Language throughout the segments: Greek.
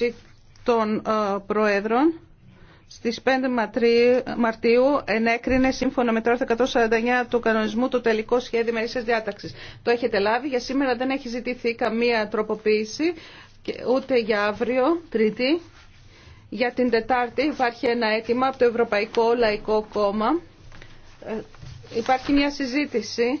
συνέντευξη των ε, Προέδρων στις 5 Μαρτίου ενέκρινε σύμφωνα με το άρθρο 149 του κανονισμού το τελικό σχέδιο μερίσιας διάταξης. Το έχετε λάβει. Για σήμερα δεν έχει ζητηθεί καμία τροποποίηση ούτε για αύριο, Τρίτη. Για την Τετάρτη υπάρχει ένα αίτημα από το Ευρωπαϊκό Λαϊκό Κόμμα. Ε, υπάρχει μια συζήτηση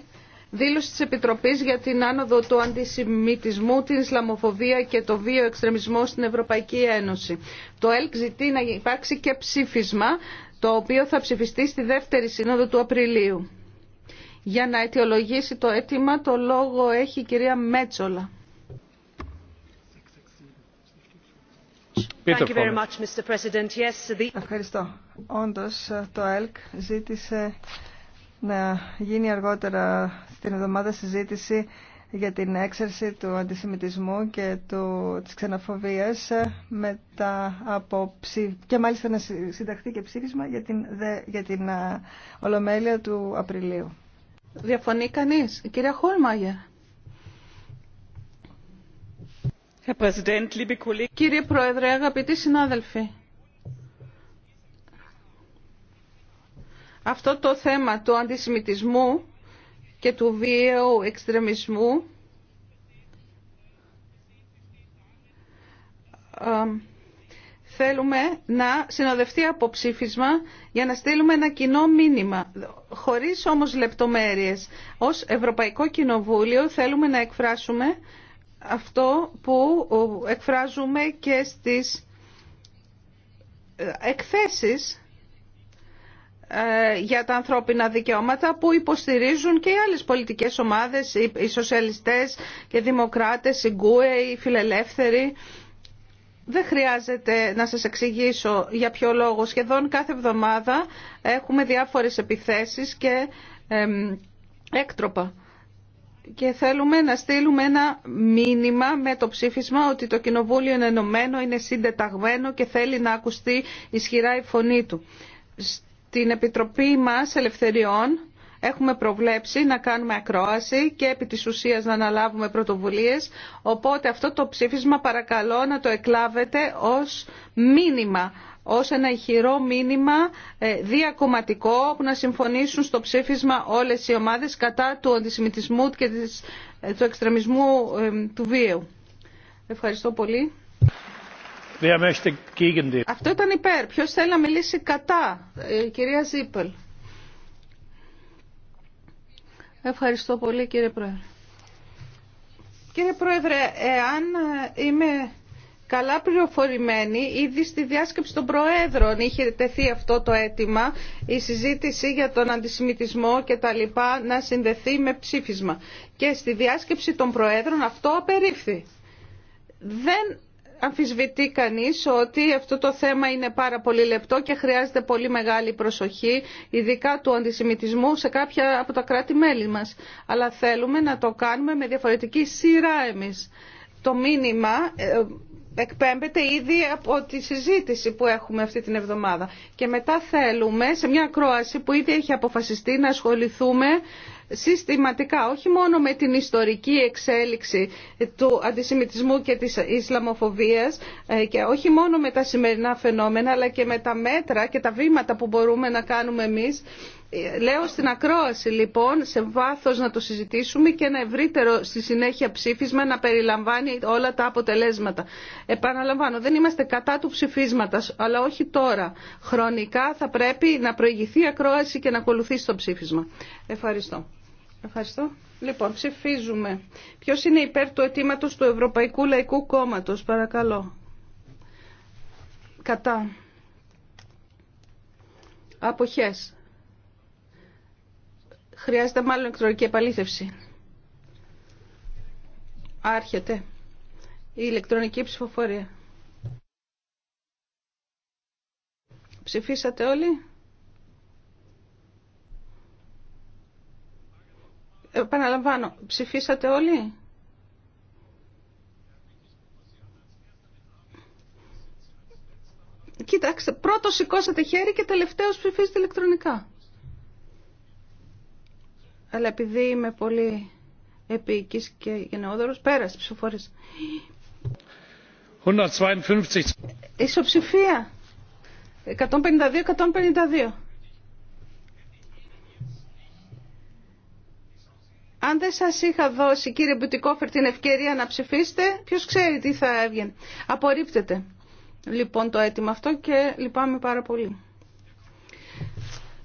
δήλωση της Επιτροπής για την άνοδο του αντισημιτισμού, την Ισλαμοφοβία και το βίο εξτρεμισμό στην Ευρωπαϊκή Ένωση. Το ΕΛΚ ζητεί να υπάρξει και ψήφισμα, το οποίο θα ψηφιστεί στη δεύτερη σύνοδο του Απριλίου. Για να αιτιολογήσει το αίτημα, το λόγο έχει η κυρία Μέτσολα. Ευχαριστώ να γίνει αργότερα στην εβδομάδα συζήτηση για την έξαρση του αντισημιτισμού και του, της ξενοφοβίας τα από και μάλιστα να συνταχθεί και ψήφισμα για την, για την Ολομέλεια του Απριλίου. Διαφωνεί κανείς. Κυρία Χόλμαγερ. Κύριε Πρόεδρε, αγαπητοί συνάδελφοι, αυτό το θέμα του αντισημιτισμού και του βίαιου εξτρεμισμού θέλουμε να συνοδευτεί από ψήφισμα για να στείλουμε ένα κοινό μήνυμα. Χωρίς όμως λεπτομέρειες, ως Ευρωπαϊκό Κοινοβούλιο θέλουμε να εκφράσουμε αυτό που ε, εκφράζουμε και στις ε, εκθέσεις ε, για τα ανθρώπινα δικαιώματα που υποστηρίζουν και οι άλλες πολιτικές ομάδες, οι σοσιαλιστές και οι δημοκράτες, οι γκούε, οι φιλελεύθεροι. Δεν χρειάζεται να σας εξηγήσω για ποιο λόγο. Σχεδόν κάθε εβδομάδα έχουμε διάφορες επιθέσεις και έκτροπα. Και θέλουμε να στείλουμε ένα μήνυμα με το ψήφισμα ότι το Κοινοβούλιο είναι ενωμένο, είναι συντεταγμένο και θέλει να ακουστεί ισχυρά η φωνή του την Επιτροπή μας Ελευθεριών έχουμε προβλέψει να κάνουμε ακρόαση και επί της ουσίας να αναλάβουμε πρωτοβουλίες. Οπότε αυτό το ψήφισμα παρακαλώ να το εκλάβετε ως μήνυμα ως ένα ηχηρό μήνυμα ε, διακομματικό που να συμφωνήσουν στο ψήφισμα όλες οι ομάδες κατά του αντισημιτισμού και ε, του εξτρεμισμού ε, του βίαιου. Ευχαριστώ πολύ. Αυτό ήταν υπέρ. Ποιο θέλει να μιλήσει κατά, ε, κυρία Ζίπελ. Ευχαριστώ πολύ κύριε Πρόεδρε. Κύριε Πρόεδρε, εάν ε, είμαι καλά πληροφορημένη, ήδη στη διάσκεψη των Προέδρων είχε τεθεί αυτό το αίτημα, η συζήτηση για τον αντισημιτισμό και τα λοιπά να συνδεθεί με ψήφισμα. Και στη διάσκεψη των Προέδρων αυτό απερίφθη. Δεν αμφισβητεί κανείς ότι αυτό το θέμα είναι πάρα πολύ λεπτό και χρειάζεται πολύ μεγάλη προσοχή, ειδικά του αντισημιτισμού σε κάποια από τα κράτη-μέλη μας. Αλλά θέλουμε να το κάνουμε με διαφορετική σειρά εμείς. Το μήνυμα ε, εκπέμπεται ήδη από τη συζήτηση που έχουμε αυτή την εβδομάδα. Και μετά θέλουμε, σε μια κρόαση που ήδη έχει αποφασιστεί, να ασχοληθούμε συστηματικά, όχι μόνο με την ιστορική εξέλιξη του αντισημιτισμού και της Ισλαμοφοβίας ε, και όχι μόνο με τα σημερινά φαινόμενα, αλλά και με τα μέτρα και τα βήματα που μπορούμε να κάνουμε εμείς ε, Λέω στην ακρόαση λοιπόν σε βάθος να το συζητήσουμε και ένα ευρύτερο στη συνέχεια ψήφισμα να περιλαμβάνει όλα τα αποτελέσματα. Επαναλαμβάνω, δεν είμαστε κατά του ψηφίσματος, αλλά όχι τώρα. Χρονικά θα πρέπει να προηγηθεί η ακρόαση και να ακολουθήσει το ψήφισμα. Ευχαριστώ. Ευχαριστώ. Λοιπόν, ψηφίζουμε. Ποιο είναι υπέρ του αιτήματο του Ευρωπαϊκού Λαϊκού Κόμματο, παρακαλώ. Κατά. Αποχέ. Χρειάζεται μάλλον ηλεκτρονική επαλήθευση. Άρχεται η ηλεκτρονική ψηφοφορία. Ψηφίσατε όλοι. Επαναλαμβάνω, ψηφίσατε όλοι. Κοιτάξτε, πρώτο σηκώσατε χέρι και τελευταίος ψηφίζετε ηλεκτρονικά. Αλλά επειδή είμαι πολύ επίκης και γενναιόδωρος, πέρασε ψηφοφόρες. 152. Ισοψηφία. 152-152. Αν δεν σας είχα δώσει κύριε Μπουτικόφερ την ευκαιρία να ψηφίσετε, ποιος ξέρει τι θα έβγαινε. Απορρίπτεται λοιπόν το αίτημα αυτό και λυπάμαι πάρα πολύ.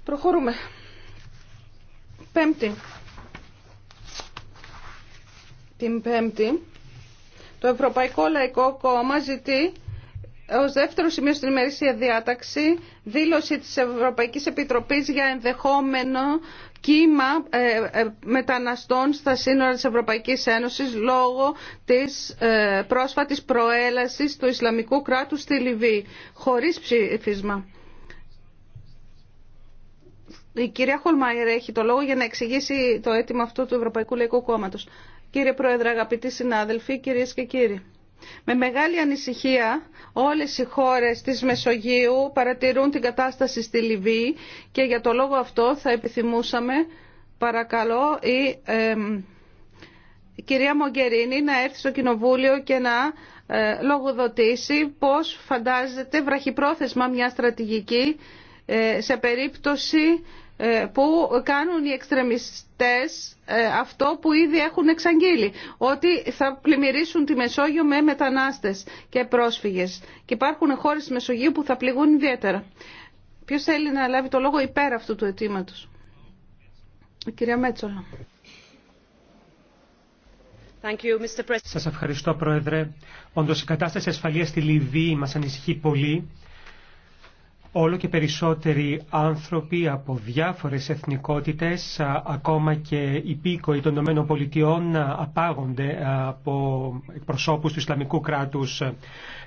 Προχωρούμε. Πέμπτη. Την Πέμπτη. Το Ευρωπαϊκό Λαϊκό Κόμμα ζητεί Ω δεύτερο σημείο στην ημερήσια διάταξη, δήλωση της Ευρωπαϊκής Επιτροπής για ενδεχόμενο κύμα ε, ε, μεταναστών στα σύνορα της Ευρωπαϊκής Ένωσης λόγω της ε, πρόσφατης προέλασης του Ισλαμικού κράτους στη Λιβύη, χωρίς ψήφισμα. Η κυρία Χολμάιρε έχει το λόγο για να εξηγήσει το αίτημα αυτό του Ευρωπαϊκού Λαϊκού Κόμματος. Κύριε Πρόεδρε, αγαπητοί συνάδελφοι, κυρίες και κύριοι. Με μεγάλη ανησυχία όλες οι χώρες της Μεσογείου παρατηρούν την κατάσταση στη Λιβύη και για το λόγο αυτό θα επιθυμούσαμε παρακαλώ η κυρία Μογκερίνη να έρθει στο Κοινοβούλιο και να ε, λογοδοτήσει πώς φαντάζεται βραχυπρόθεσμα μια στρατηγική ε, σε περίπτωση ε, που κάνουν οι εξτρεμιστές ε, αυτό που ήδη έχουν εξαγγείλει, ότι θα πλημμυρίσουν τη Μεσόγειο με μετανάστες και πρόσφυγες. Και υπάρχουν χώρες της Μεσογείου που θα πληγούν ιδιαίτερα. Ποιος θέλει να λάβει το λόγο υπέρ αυτού του αιτήματο. κυρία Μέτσολα. Σας ευχαριστώ, Πρόεδρε. Όντως, η κατάσταση ασφαλείας στη Λιβύη μας ανησυχεί πολύ Όλο και περισσότεροι άνθρωποι από διάφορες εθνικότητες, ακόμα και υπήκοοι των Ηνωμένων Πολιτειών, απάγονται από εκπροσώπους του Ισλαμικού κράτους.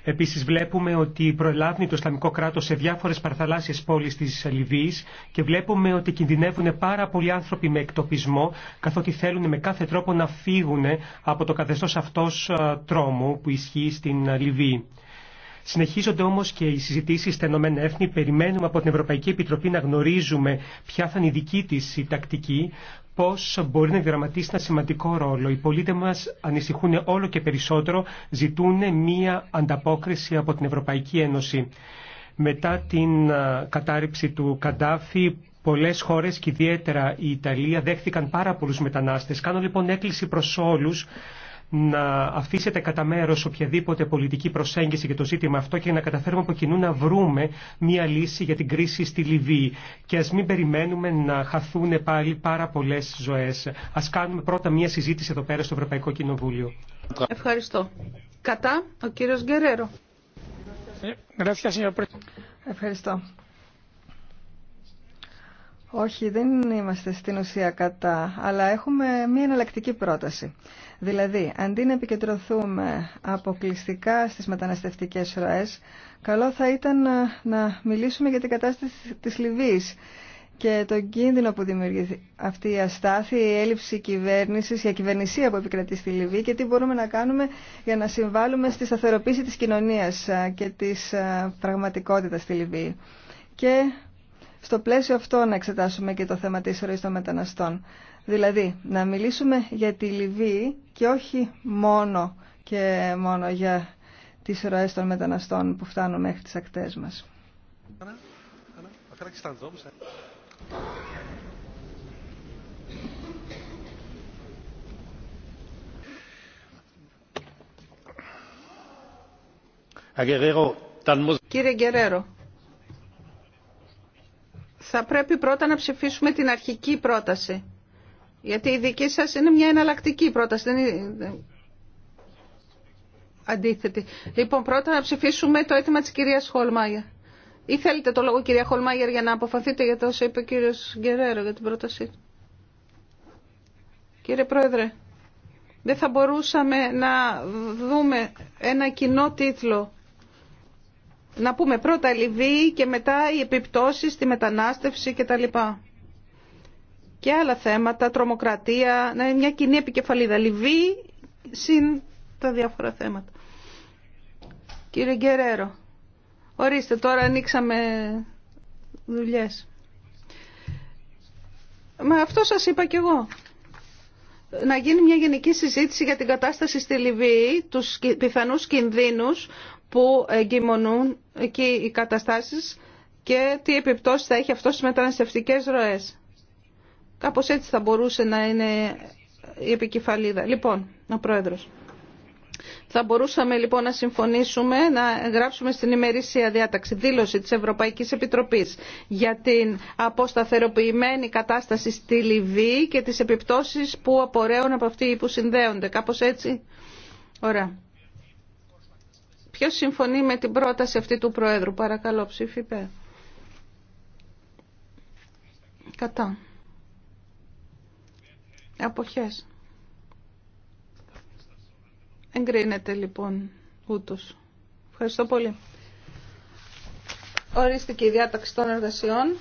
Επίσης βλέπουμε ότι προελάβει το Ισλαμικό κράτος σε διάφορες παραθαλάσσιες πόλεις της Λιβύης και βλέπουμε ότι κινδυνεύουν πάρα πολλοί άνθρωποι με εκτοπισμό, καθότι θέλουν με κάθε τρόπο να φύγουν από το καθεστώς αυτός τρόμου που ισχύει στην Λιβύη. Συνεχίζονται όμως και οι συζητήσεις στα Ηνωμένα Περιμένουμε από την Ευρωπαϊκή Επιτροπή να γνωρίζουμε ποια θα είναι η δική της τακτική, πώς μπορεί να δραματίσει ένα σημαντικό ρόλο. Οι πολίτες μας ανησυχούν όλο και περισσότερο, ζητούν μία ανταπόκριση από την Ευρωπαϊκή Ένωση. Μετά την κατάρριψη του Καντάφη, πολλέ χώρε, και ιδιαίτερα η Ιταλία δέχθηκαν πάρα πολλού μετανάστε. Κάνω λοιπόν έκκληση προ όλου να αφήσετε κατά μέρο οποιαδήποτε πολιτική προσέγγιση για το ζήτημα αυτό και να καταφέρουμε από κοινού να βρούμε μία λύση για την κρίση στη Λιβύη. Και α μην περιμένουμε να χαθούν πάλι πάρα πολλέ ζωέ. Α κάνουμε πρώτα μία συζήτηση εδώ πέρα στο Ευρωπαϊκό Κοινοβούλιο. Ευχαριστώ. Κατά ο κύριο Γκερέρο. Ευχαριστώ. Όχι, δεν είμαστε στην ουσία κατά, αλλά έχουμε μία εναλλακτική πρόταση. Δηλαδή, αντί να επικεντρωθούμε αποκλειστικά στις μεταναστευτικές ροές, καλό θα ήταν να μιλήσουμε για την κατάσταση της Λιβύης και τον κίνδυνο που δημιουργεί αυτή η αστάθη, η έλλειψη κυβέρνηση, η ακυβερνησία που επικρατεί στη Λιβύη και τι μπορούμε να κάνουμε για να συμβάλλουμε στη σταθεροποίηση της κοινωνίας και της ε, πραγματικότητας στη Λιβύη. Και στο πλαίσιο αυτό να εξετάσουμε και το θέμα της ροής των μεταναστών. Δηλαδή, να μιλήσουμε για τη Λιβύη και όχι μόνο και μόνο για τις ροές των μεταναστών που φτάνουν μέχρι τις ακτές μας. Κύριε Γκερέρο, θα πρέπει πρώτα να ψηφίσουμε την αρχική πρόταση. Γιατί η δική σας είναι μια εναλλακτική πρόταση, δεν είναι αντίθετη. Λοιπόν, πρώτα να ψηφίσουμε το αίτημα της κυρίας Χολμάγερ. Ή θέλετε το λόγο κυρία Χολμάγερ για να αποφαθείτε για το όσο είπε ο κύριος Γκερέρο για την πρότασή του. Κύριε Πρόεδρε, δεν θα μπορούσαμε να δούμε ένα κοινό τίτλο να πούμε πρώτα Λιβύη και μετά οι επιπτώσεις στη μετανάστευση κτλ. Και άλλα θέματα, τρομοκρατία, να είναι μια κοινή επικεφαλίδα. Λιβύη συν τα διάφορα θέματα. Κύριε Γκερέρο, ορίστε τώρα ανοίξαμε δουλειές. Μα αυτό σας είπα κι εγώ να γίνει μια γενική συζήτηση για την κατάσταση στη Λιβύη, τους πιθανούς κινδύνους που εγκυμονούν εκεί οι καταστάσεις και τι επιπτώσεις θα έχει αυτό στις μεταναστευτικές ροές. Κάπως έτσι θα μπορούσε να είναι η επικεφαλίδα. Λοιπόν, ο Πρόεδρος. Θα μπορούσαμε λοιπόν να συμφωνήσουμε να γράψουμε στην ημερήσια διάταξη δήλωση της Ευρωπαϊκής Επιτροπής για την αποσταθεροποιημένη κατάσταση στη Λιβύη και τις επιπτώσεις που απορρέουν από αυτή που συνδέονται. Κάπως έτσι. Ωραία. Ποιος συμφωνεί με την πρόταση αυτή του Προέδρου. Παρακαλώ ψήφιπε. Κατά. Αποχές. Εγκρίνεται λοιπόν ούτως. Ευχαριστώ πολύ. Ορίστηκε η διάταξη των εργασιών.